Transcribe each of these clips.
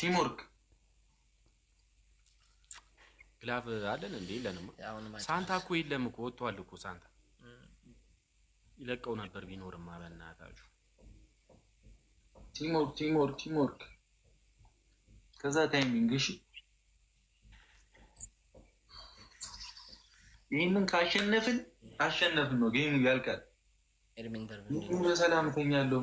ቲምወርክ ግላቭ አለን እንዴ? የለንም። ሳንታ እኮ የለም እኮ ወጥቷል እኮ ሳንታ ይለቀው ነበር ቢኖርማ። በእናታችሁ ቲምወርክ ቲምወርክ ቲምወርክ ከዛ ታይሚንግ። እሺ ይህንን ካሸነፍን አሸነፍን ነው ጌም ያልቃል። በሰላም እተኛለሁ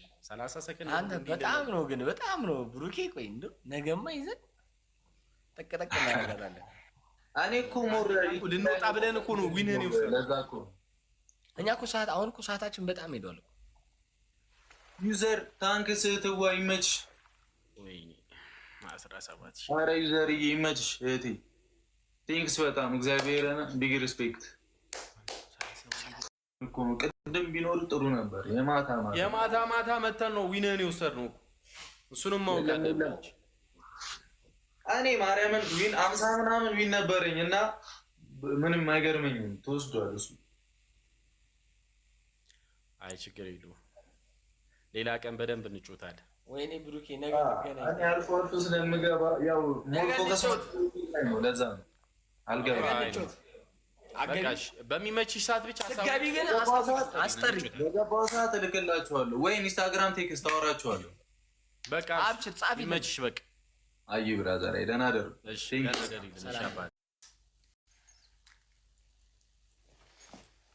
ሰከንድ አንተ በጣም ነው ግን በጣም ነው ብሩኬ። ቆይ እንደው ነገማ ይዘን ጠቅጠቅ እናደርጋታለን። እኔ እኮ ሞር ልንወጣ ብለን እኮ ነው ዊንህን ይወስዳል። እኛ እኮ ሰዓት አሁን እኮ ሰዓታችን በጣም ሄዷል። ዩዘር ታንክ ስህትዋ ይመችሽ። ኧረ ዩዘርዬ ይመችሽ እህቴ። ቴንክስ በጣም እግዚአብሔርን ቢግ ሪስፔክት እኮ ነው ወንድም ቢኖር ጥሩ ነበር። የማታ ማታ የማታ ማታ መተን ነው ዊነን የወሰድ ነው። እሱንም ማውቃለች። እኔ ማርያምን ዊን አምሳ ምናምን ዊን ነበረኝ እና ምንም አይገርመኝም። ተወስዷል እሱ። አይ ችግር የለውም። ሌላ ቀን በደንብ እንጮታለን። ወይኔ ብሩኬ ነገ እኔ አልፎ አልፎ ስለምገባ ያው ሞልፎ ከሰ ለዛ ነው አልገባ አጋሽ በሚመችሽ ሰዓት ብቻ አሳቢ ግን አስጠሪ በገባው ሰዓት እልክላችኋለሁ፣ ወይ ኢንስታግራም ቴክስት አወራችኋለሁ። በቃ አብች ጻፊ ይመችሽ። በቃ አይ ብራዘር ደህና ደሩ። እሺ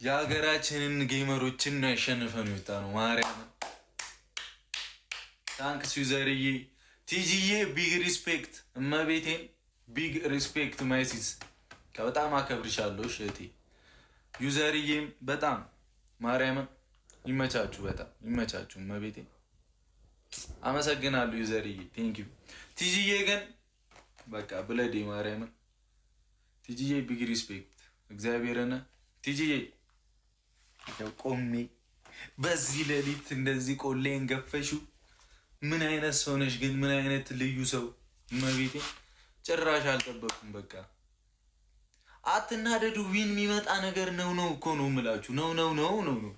የሀገራችንን ጌመሮችን ነው ያሸንፈን ይወጣ ነው። ማርያም ታንክስ ዩዘርዬ፣ ቲጂዬ ቢግ ሪስፔክት፣ እመቤቴን ቢግ ሪስፔክት ማይሲስ በጣም አከብርሻለሁ እህቴ። ዩዘርዬም በጣም ማርያምን ይመቻችሁ፣ በጣም ይመቻችሁ። መቤቴ አመሰግናለሁ ዩዘርዬ፣ ቴንክ ዩ። ቲጂዬ ግን በቃ ብለዴ ማርያምን ቲጂዬ፣ ቢግ ሪስፔክት እግዚአብሔርን ቲጂዬ ቆሜ በዚህ ሌሊት እንደዚህ ቆሌን ገፈሹ። ምን አይነት ሰው ነሽ ግን? ምን አይነት ልዩ ሰው መቤቴ! ጭራሽ አልጠበቁም በቃ አትናደዱ። ዊን የሚመጣ ነገር ነው ነው እኮ ነው የምላችሁ። ነው ነው ነው ነው ነው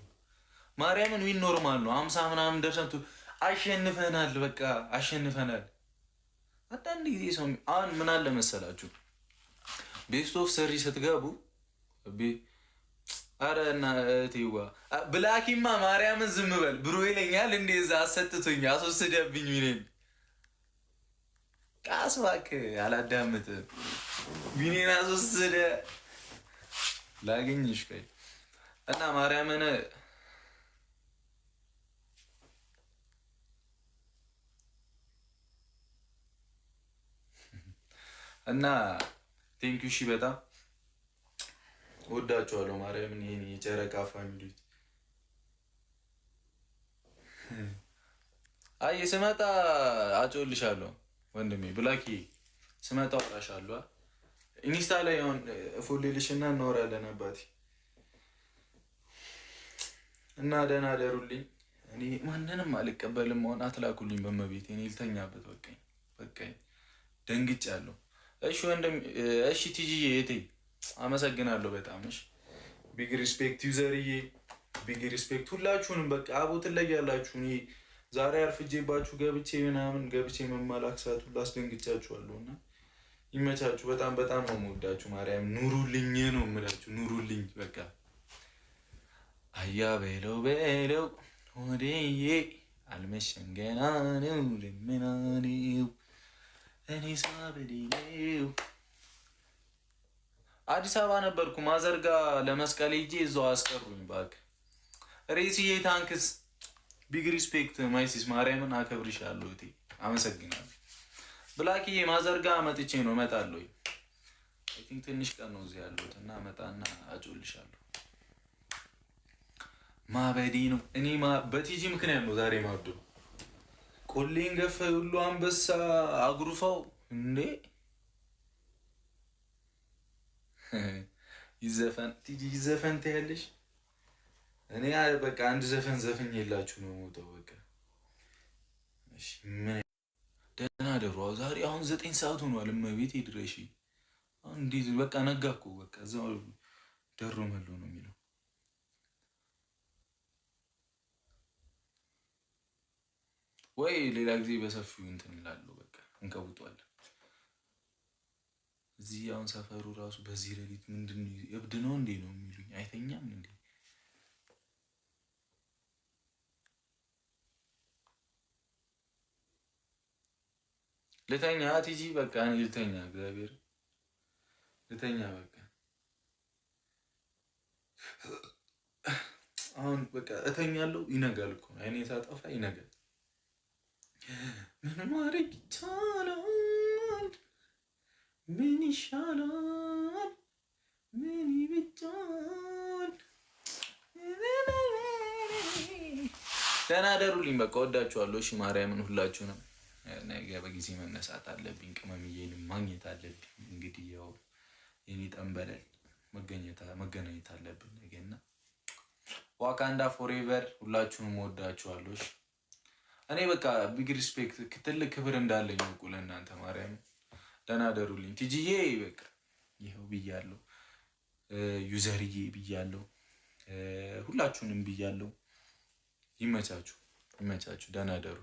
ማርያምን ዊን ኖርማል ነው። አምሳ ምናምን ደርሰንቱ አሸንፈናል። በቃ አሸንፈናል። አንዳንድ ጊዜ ሰው አሁን ምን አለ መሰላችሁ ቤስት ኦፍ ሰሪ ስትገቡ አረ እና እቴዋ ብላኪማ ማርያምን ዝም በል ብሎ ይለኛል። እንደዛ አሰጥቶኛ አስወስደብኝ ሚኔን ጣስ እባክህ አላዳምጥም። ቢኒና ሶስት ላገኝሽ ቆይ እና ማርያምን እና ቴንኪው ሺ በጣም ወዳችኋለሁ። ማርያምን ይህን የጨረቃ ፋሚሊ አይ ስመጣ አጮልሻለሁ። ወንድሜ ብላኪ ስመጣ አውራሻለሁ። ኢንስታ ላይ አሁን ፎሌልሽ እና እናወራለን። አባቴ እና ደህና ደሩልኝ። እኔ ማንንም አልቀበልም። አሁን አትላኩልኝ በመቤት እኔ ልተኛበት። በቃኝ በቃኝ፣ ደንግጫለሁ። እሺ ወንድም፣ እሺ ቲጂዬ፣ የቴ አመሰግናለሁ በጣም እሺ። ቢግ ሪስፔክት ዩዘርዬ፣ ቢግ ሪስፔክት ሁላችሁንም። በቃ አቦትን ላይ ያላችሁ ዛሬ አርፍጄባችሁ ገብቼ ምናምን ገብቼ መመላክ ሁሉ ላስደንግጫችኋለሁ። እና ይመቻችሁ። በጣም በጣም ነው የምወዳችሁ። ማርያም ኑሩልኝ ነው የምላችሁ። ኑሩልኝ በቃ አያ በለው በለው ወዴዬ አልመሸም ገና ነው ልምናኔው እኔ ሳብዴው አዲስ አበባ ነበርኩ ማዘርጋ ለመስቀል ሄጄ እዛው አስቀሩኝ። እባክህ ሬስዬ ታንክስ ቢግ ሪስፔክት ማይሲስ ማርያምን አከብርሻለሁ እቴ አመሰግናለሁ። ብላክዬ ማዘርጋ መጥቼ ነው እመጣለሁ። ትንሽ ቀን ነው እዚህ ያለሁት እና መጣና አጮልሻለሁ። ማበዲ ነው እኔ በቲጂ ምክንያት ነው ዛሬ ማብዶ ቆሌን ገፈ ሁሉ አንበሳ አጉርፈው እንዴ ይዘፈን ቲጂ ይዘፈን ትያለሽ እኔ በቃ አንድ ዘፈን ዘፈን የላችሁ ነው የምወጣው። በቃ ምን ደህና ደሩ። ዛሬ አሁን ዘጠኝ ሰዓት ሆኗል። እመቤቴ ድረሽ እንዴት በቃ ነጋ እኮ በቃ እዛው ደሮ መሎ ነው የሚለው ወይ ሌላ ጊዜ በሰፊው እንትን እላለሁ። በቃ እንቀውጧለን። እዚህ አሁን ሰፈሩ ራሱ በዚህ ሌሊት ምንድን እብድ ነው እንዴ ነው የሚሉኝ። አይተኛም እንዴ ልተኛ ቲጂ በቃ ልተኛ፣ እግዚአብሔር ልተኛ በቃ አሁን በቃ እተኛለሁ። ይነጋል እኮ አይኔ ሳጠፋ ይነጋል። ምን ማድረግ ይቻላል? ምን ይሻላል? ምን ይብጃል? ደህና ደሩልኝ። በቃ ወዳችኋለሁ። እሺ ማርያምን ሁላችሁንም ነገ በጊዜ መነሳት አለብኝ። ቅመምዬንም ማግኘት አለብኝ። እንግዲህ ያው የኔ ጠንበለል መገናኘት አለብን ነገ እና ዋካንዳ ፎሬቨር ሁላችሁንም ወዳችኋለች። እኔ በቃ ቢግ ሪስፔክት ትልቅ ክብር እንዳለኝ እውቁ ለእናንተ ማርያም ደናደሩልኝ። ትጅዬ በቃ ይኸው ብያለሁ፣ ዩዘርዬ ብያለሁ፣ ሁላችሁንም ብያለሁ። ይመቻችሁ፣ ይመቻችሁ፣ ደናደሩ።